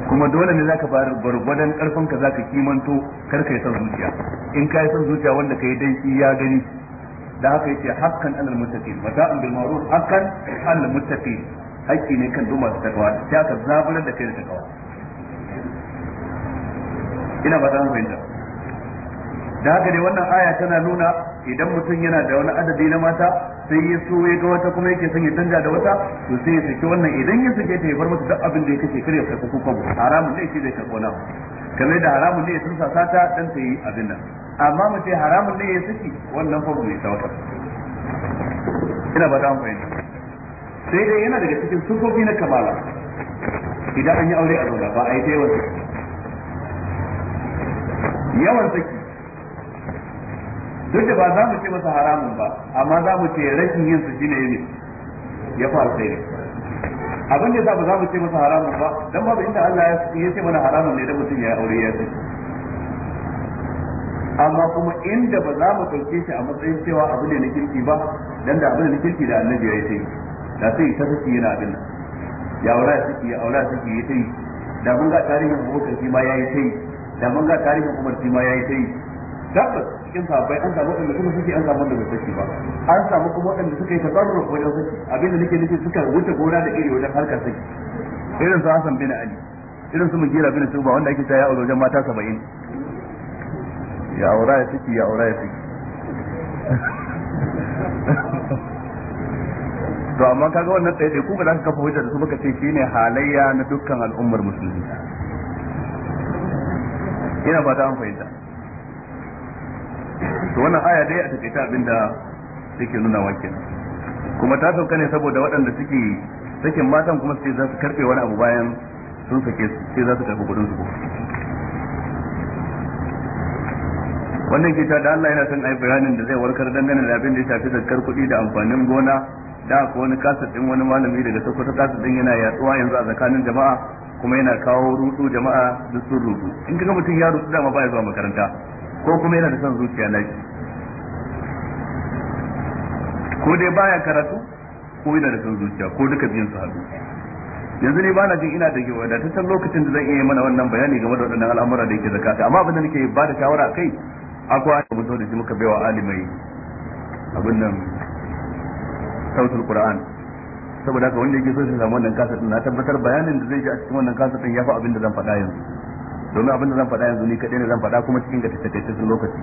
kuma dole ne zaka bar gwargwadon karfin ka zaka kimanto kar ka yi son zuciya in ka yi son zuciya wanda ka yi dan ya gani da haka yace hakkan alal muttaqin mata'an bil ma'ruf hakkan alal muttaqin haƙƙi ne kan duma ta takawa sai aka zaburar da kai da takawa ina ba ta fahimta da haka dai wannan aya tana nuna idan mutum yana da wani adadi na mata sai ya so ya ga wata kuma yake son ya canja da wata to sai ya saki wannan idan ya saki ta ya bar mata duk abin da ya kace kare ka ku kwabo haramun ne shi zai karbo kona kamar da haramun ne ya tursa sata dan ta yi abin nan amma mu ce haramun ne ya saki wannan fa bai tawaka ina ba dan amfani sai dai yana daga cikin sufofi na kamala idan an yi aure a zauna ba a yi ta yawan saki yawan saki duk da ba za mu ce masa haramun ba amma za mu ce rashin yin su shine ne ya fa alkhairi abin da ba za mu ce masa haramun ba dan babu inda Allah ya ce mana haramun ne da mutum ya aure ya ce amma kuma inda ba za mu ɗauke shi a matsayin cewa abu ne na kirki ba dan da abu ne na kirki da annabi ya ce da sai ta saki yana abin nan ya aura saki ya aura saki ya tai da mun ga tarihin Abubakar shi ma yayi yi, da mun ga tarihin Umar shi ma yayi tai tabbas cikin sahabbai an samu waɗanda suka suke an samu waɗanda saki ba an samu kuma waɗanda suka yi tasarruf wajen saki abinda nake nake suka wuce gona da iri wajen harkar saki irin su Hassan bin Ali irin su Mujira bin Tuba wanda ake tayi a wajen mata 70 ya aura ya saki ya aura ya saki to amma kaga wannan tsaye ɗaya ku ba za ka kafa hujja da su muka ce shine halayya na dukkan al'ummar musulmi ina fata an fahimta to wannan aya dai a take ta da yake nuna wanke kuma ta sauka ne saboda waɗanda suke sakin matan kuma sai za su karɓe wani abu bayan sun sake su sai za su karɓi kuɗin su wannan ke da Allah yana son ayi da zai warkar dangane da abin da ya shafi zakar kuɗi da amfanin gona da ko wani kasar din wani malami daga Sokoto kasar din yana yatsuwa yanzu a tsakanin jama'a kuma yana kawo rudu jama'a duk sun rudu in kaga mutum ya rudu dama baya zuwa makaranta ko kuma yana da son zuciya nashi ko dai baya karatu ko yana da son zuciya ko duka biyun su haɗu yanzu ne bana jin ina da ta san lokacin da zan iya mana wannan bayani game da waɗannan al'amura da yake zakata amma abin da nake ba da shawara kai akwai da mutum da shi muka baiwa alimai abin nan sautul qur'an saboda haka wanda yake so shi samu wannan kasafin na tabbatar bayanin da zai ji a cikin wannan kasafin ya fi abin da zan faɗa yanzu domin abin da zan faɗa yanzu ni kaɗai ne zan faɗa kuma cikin sun lokaci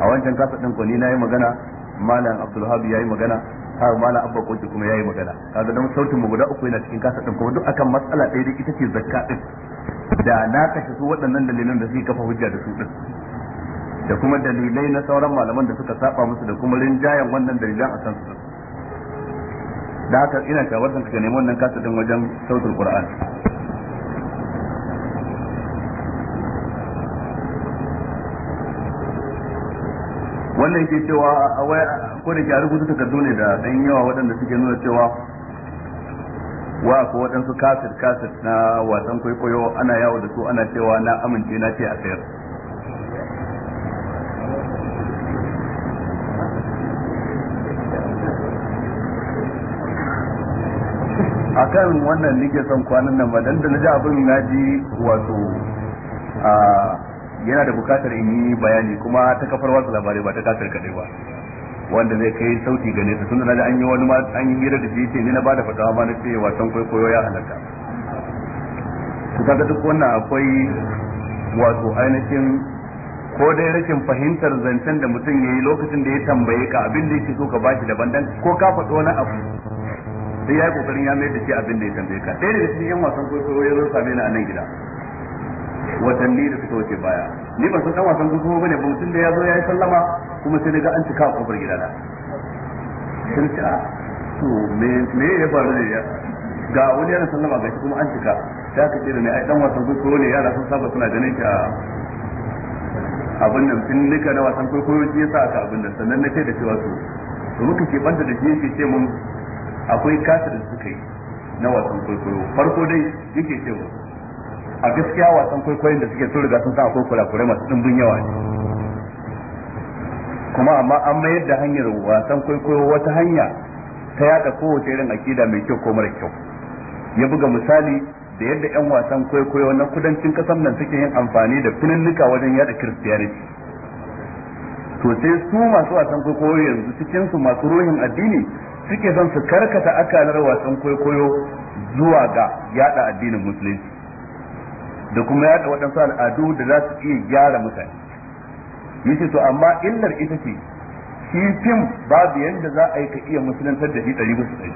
a wancan kasa ɗin ko ni na yi magana malam abdulhabi ya yi magana har malam abba koji kuma ya yi magana kaga don sautin mu guda uku yana cikin kasa ɗin kuma duk akan matsala ɗaya dai ita ce zakka ɗin da na kashe su waɗannan dalilan da suke kafa hujja da su ɗin da kuma dalilai na sauran malaman da suka saba musu da kuma rinjayen wannan dalilan a kansu su da haka ina shawartar ka nemi wannan kasa ɗin wajen sautin qur'ani wannan ke cewa a waya ko da ke a rubuta takardu ne da ɗan yawa waɗanda suke nuna cewa wa ko waɗansu kasir kasir na wasan kwaikwayo ana yawo da su ana cewa na amince na ce a sayar a kan wannan nike son kwanan nan ba dan da na ji abin na ji wato a yana da bukatar in yi bayani kuma ta kafar wasu labarai ba ta kafar kadai ba wanda zai kai sauti ga nesa tun da naji an yi wani ma an yi hira da shi ce ni na bada fatawa ma na ce wasan kwaikwayo ya halatta su kaga duk wannan akwai wato ainihin ko dai rashin fahimtar zancen da mutum ya yi lokacin da ya tambaye ka abin da yake so ka bashi daban dan ko ka faɗo wani abu sai ya yi kokarin ya mai da shi abin da ya tambaye ka ɗaya daga cikin yan wasan kwaikwayo ya zo same ni a nan gida watanni da suka wuce baya ni ba san dan wasan kusurwa ne ba mutum da ya zo ya yi sallama kuma sai daga an cika kofar na sun ci a ah, to me ya faru da ya ga wani yana sallama shi kuma an cika Ya ka ce da ne a dan wasan gudu ne yara sun saba suna ganin ki a abin nan sun nika na wasan kwaikwayo shi yasa aka abin nan sannan na ce da cewa su to muka ke banda da shi yake ce mun akwai kasa da suka yi na wasan kwaikwayo farko dai yake ce mun a gaskiya wasan kwaikwayon da suke so riga sun sa akwai kurakurai masu dimbin yawa ne kuma amma an mayar da hanyar wasan kwaikwayo wata hanya ta yada kowace irin akida mai kyau ko mara kyau ya buga misali da yadda 'yan wasan kwaikwayo na kudancin kasar nan suke yin amfani da fininnika wajen yada kiristiyaniti, to sai su masu wasan kwaikwayo yanzu cikin su masu ruhin addini suke son su karkata akalar wasan kwaikwayo zuwa ga yada addinin musulunci da kuma yaɗa waɗansu al'adu da za su iya gyara mutane yace to amma illar ita ce shi fim babu yanda za a yi ka iya musulantar da shi ɗari su ɗari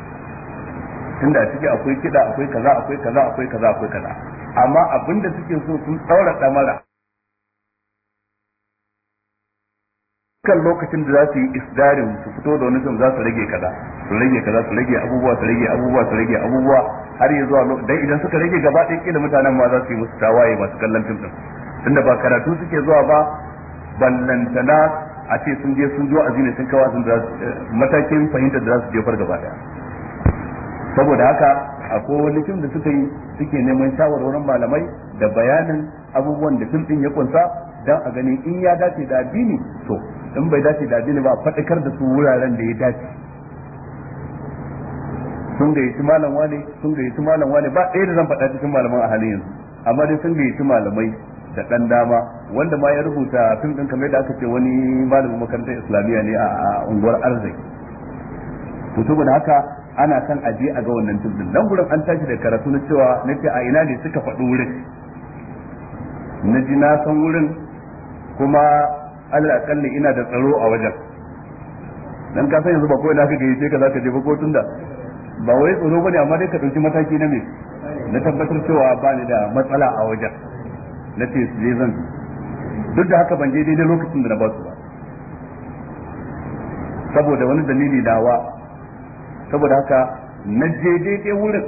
tunda a ciki akwai kiɗa akwai kaza akwai kaza akwai kaza akwai kaza amma abinda suke so sun ɗaura ɗamara kan lokacin da za su yi isdarin su fito da wani za su rage kaza su rage kaza su rage abubuwa su rage abubuwa su rage abubuwa har ya zuwa dan idan suka rage gaba ɗaya kila mutanen ma za su yi musu tawaye masu kallon fim din tunda ba karatu suke zuwa ba ballantana a ce sun je sun zo azini sun kawo sun eh, matakin fahimtar da za su jefar gaba ɗaya saboda haka akwai wani fim da suka yi suke neman shawarwarin malamai da bayanin abubuwan da fim ɗin ya kunsa dan a ganin in ya dace da addini to in bai dace da addini ba faɗakar da su wuraren da ya dace sun gayyaci malam wane sun gayyaci malam wane ba ɗaya da zan faɗa cikin malaman a halin yanzu amma dai sun gayyaci malamai da ɗan dama wanda ma ya rubuta fim ɗin kamar da aka ce wani malamin makarantar islamiyya ne a unguwar arziki to haka ana kan aje a ga wannan fim nan gurin an tashi da karatu na cewa na ce a ina ne suka faɗi wurin na ji na san wurin kuma alal ina da tsaro a wajen dan ka san yanzu ba ko da kake sai ka zaka je ko tunda ba wai tsoro bane amma dai ka dauki mataki na me na tabbatar cewa ba ni da matsala a wajen na ce su je zan duk da haka ban je daidai lokacin da na ba su ba saboda wani dalili dawa saboda haka na je daidai wurin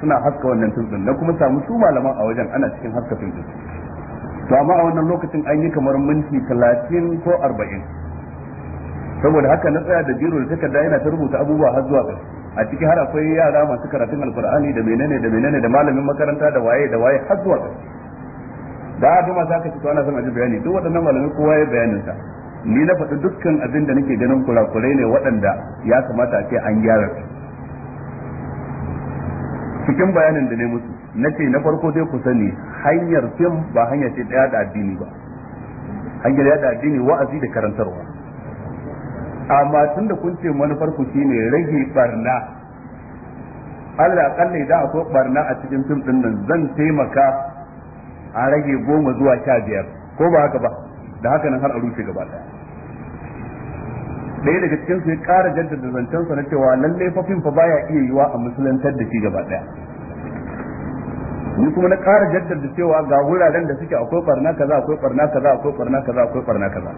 suna haska wannan tuntun na kuma samu su malaman a wajen ana cikin haska tuntun to amma a wannan lokacin an yi kamar minti talatin ko arba'in saboda haka na tsaya da biro da takarda yana ta rubuta abubuwa har zuwa ƙarshe a ciki har akwai yara masu karatun alkur'ani da menene da menene da malamin makaranta da waye da waye har zuwa ƙarshe da a duma za ka ci ana son a ji bayani duk waɗannan malamai kowa ya bayanin sa ni na faɗi dukkan abin da nake ganin kurakurai ne waɗanda ya kamata a ce an gyara su cikin bayanin da ne musu na ce na farko dai ku sani hanyar fim ba hanyar ce ɗaya da addini ba hanyar yada addini wa'azi da karantarwa amma tun da kun ce manufar ku ne rage barna Allah akalla idan akwai barna a cikin fim din nan zan taimaka a rage goma zuwa sha biyar ko ba haka ba da haka nan har a rushe gaba ɗaya ɗaya daga cikin su ya ƙara jaddada zancensa na cewa lallai fa fim fa baya iya yiwa a musulantar da shi gaba ɗaya ni kuma na ƙara jaddada cewa ga wuraren da suke akwai barna kaza akwai barna kaza akwai barna kaza akwai barna kaza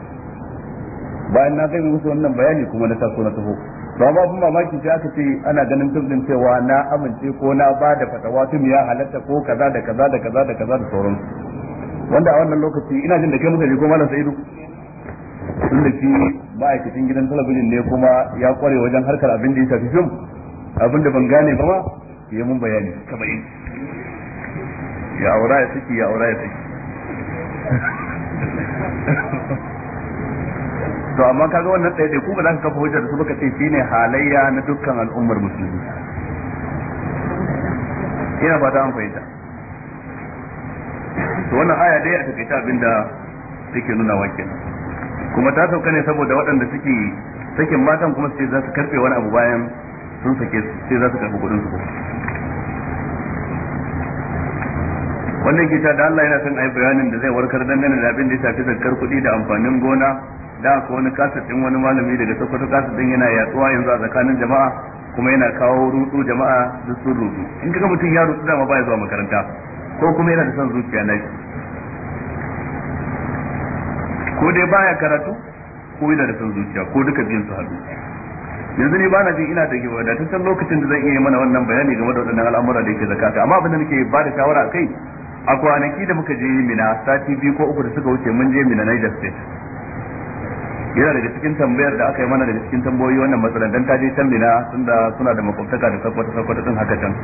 bayan na gani musu wannan bayani kuma na taso na taho ba ba abin mamaki sai aka ce ana ganin turbin cewa na amince ko na ba da fatawa tun ya halatta ko kaza da kaza da kaza da kaza da sauran wanda a wannan lokaci ina jin da kai muka je ko malam sa'idu tun da shi ma'aikacin gidan talabijin ne kuma ya kware wajen harkar abin da ya shafi fim abin da ban gane ba ma ya mun bayani kamar ya aura ya saki ya aura ya saki to amma kaga wannan ɗaya ɗaya ku ba za ka kafa hujjar su baka ce ne halayya na dukkan al'ummar musulmi ina fata an fahimta to wannan aya dai a takaita abinda take nuna wa kuma ta sauka ne saboda waɗanda suke sakin matan kuma sai za su karfe wani abu bayan sun sake sai za su karfe kuɗin su wannan ke da Allah yana son ayi bayanin da zai warkar dangane da abin da ya shafi zakar kuɗi da amfanin gona da ko wani kasa din wani malami daga Sokoto kasa din yana yatsuwa yanzu a tsakanin jama'a kuma yana kawo rutsu jama'a da sun rutsu in kaga mutum ya rutsu dama baya zuwa makaranta ko kuma yana da son zuciya na shi ko dai baya karatu ko yana da son zuciya ko duka biyun su haɗu yanzu ni ba na jin ina da san lokacin da zan iya mana wannan bayani game da waɗannan al'amura da yake zakata amma abin da nake ba da shawara kai a kwanaki da muka je mina sati biyu ko uku da suka wuce mun je mina Niger State yana daga cikin tambayar da aka yi mana daga cikin tambayoyi wannan matsalan dan ta je can mina tunda suna da makwabtaka da sakwata sakwata din haka can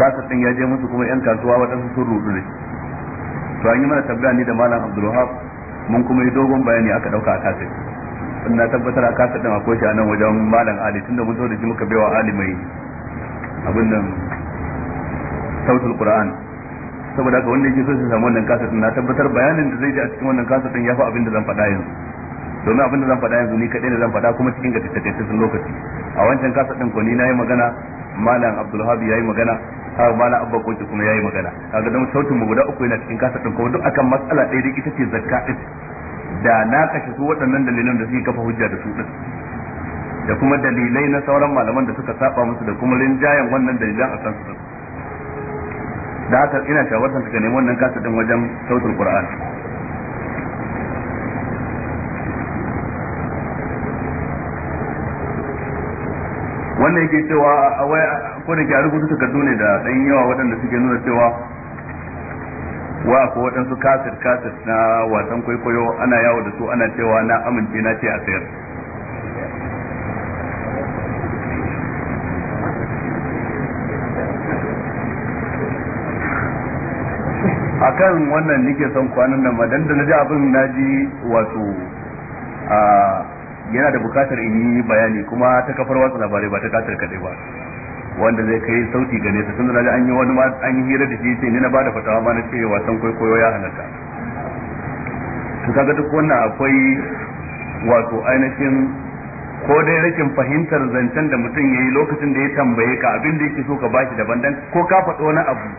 kasa din ya je musu kuma yan kasuwa waɗansu sun rudu ne to an yi mana tambaya ni da malam Abdulwahab mun kuma yi dogon bayani aka dauka a kasai na tabbatar a kasa din akwai shi a nan wajen malam Ali tunda mun zo da shi muka baiwa Ali mai abin nan sautul Qur'an saboda ga wanda yake so shi samu wannan kasa na tabbatar bayanin da zai ji a cikin wannan kasa din fi abin da zan faɗa yanzu domin abin da zan faɗa yanzu ni kaɗai da zan faɗa kuma cikin gattakaitaccen lokaci a wancan kasa din ko ni na yi magana malam abdulhabi ya yi magana har malam abba koki kuma ya yi magana kaga dan sautin mu guda uku yana cikin kasa din kuma duk akan matsala ɗaya da ita ce zakka din da na kashe su waɗannan dalilan da suke kafa hujja da su din da kuma dalilai na sauran malaman da suka saba musu da kuma rinjayen wannan dalilan a kansu da haka ina shawartar ka nemi wannan kasa din wajen sautin qur'an wannan yake cewa a waya ko da ke a rubuta takardu ne da dan yawa waɗanda suke nuna cewa wa ko waɗansu kasir kasir na wasan kwaikwayo ana yawo da su ana cewa na amince na ce a sayar akan wannan nike son kwanan nan ma dan da abin naji wato a yana da bukatar in yi bayani kuma ta kafar watsa labarai ba ta katar kadai ba wanda zai kai sauti gane nesa tun da naji an yi wani ma an yi hira da shi sai ni na bada fatawa ma na ce wasan kwaikwayo ya halatta to kaga duk wannan akwai wato ainihin ko dai rashin fahimtar zancen da mutum ya yi lokacin da ya tambaye ka abin da yake so ka bashi daban dan ko ka faɗo wani abu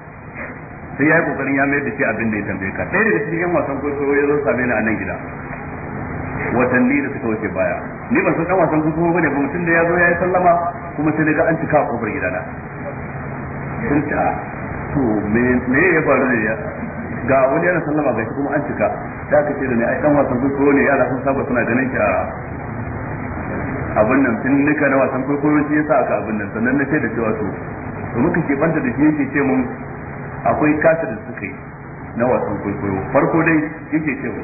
sai ya yi kokarin ya mai da shi abin da ya tambaye ka ɗaya daga cikin wasan kwaikwayo ya zo same ni a nan gida watanni da suka wuce baya ni ban san wasan wasan kwaikwayo ne ba mutum da ya zo ya yi sallama kuma sai daga an cika kofar gidana sun ta ah, to me ya faru ne ya ga wani yana sallama ga shi kuma an cika da aka ce da ni a ɗan wasan kwaikwayo ne yara sun saba suna ganin ki a abin nan tun nika na wasan kwaikwayo shi ya sa aka abin nan sannan na ce da cewa to to muka ke banta da shi yake ce mun akwai kasa da suka yi na wasan kwaikwayo farko dai yake cewa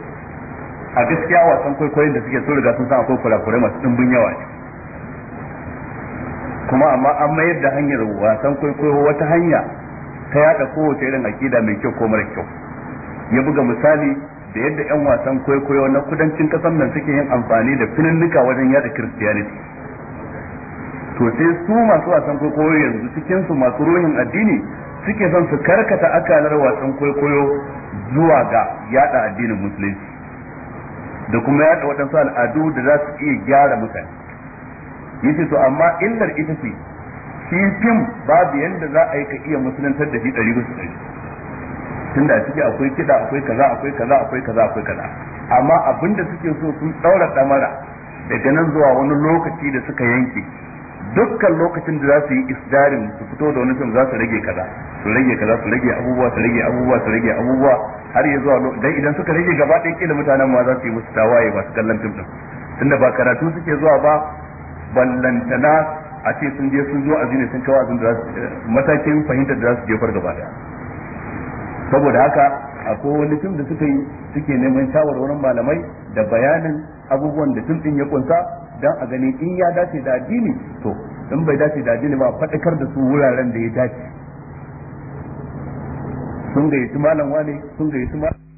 a gaskiya wasan kwaikwayon da suke so riga sun san akwai kurakurai masu dimbin yawa ne kuma amma an mayar da hanyar wasan kwaikwayo wata hanya ta yada kowace irin akida mai kyau ko mara kyau ya buga misali da yadda 'yan wasan kwaikwayo na kudancin kasar nan suke yin amfani da fininnika wajen yada kiristiyaniti to sai su masu wasan kwaikwayo yanzu cikinsu masu ruhin addini suke son su karkata akalar wasan kwaikwayo zuwa ga yada addinin musulunci da kuma yada waɗansu al'adu da za su iya gyara mutane yace to amma illar ita ce shi fim babu yadda za a yi ka iya musulantar da shi ɗari ɗari tunda a ciki akwai kiɗa akwai kaza akwai kaza akwai kaza akwai kaza amma abinda suke so sun ɗaura ɗamara daga nan zuwa wani lokaci da suka yanke dukkan lokacin da za su yi isdarin su fito da wani fim za su rage kaza su rage kaza su rage abubuwa su rage abubuwa su rage abubuwa har ya zuwa dan idan suka rage gaba ɗaya kila mutanen ma za su yi musu tawaye masu kallon fim din tunda ba karatu suke zuwa ba ballantana a ce sun je sun zo a zini sun kawo da matakin fahimtar da za su jefar gaba ɗaya saboda haka akwai wani fim da suka yi suke neman shawarwarin malamai da bayanin abubuwan da fim ya kunsa dan a gani in ya dace da addini to in bai dace da addini ba faɗakar da su wuraren da ya dace sun gayyaci malam wane sun gayyaci malam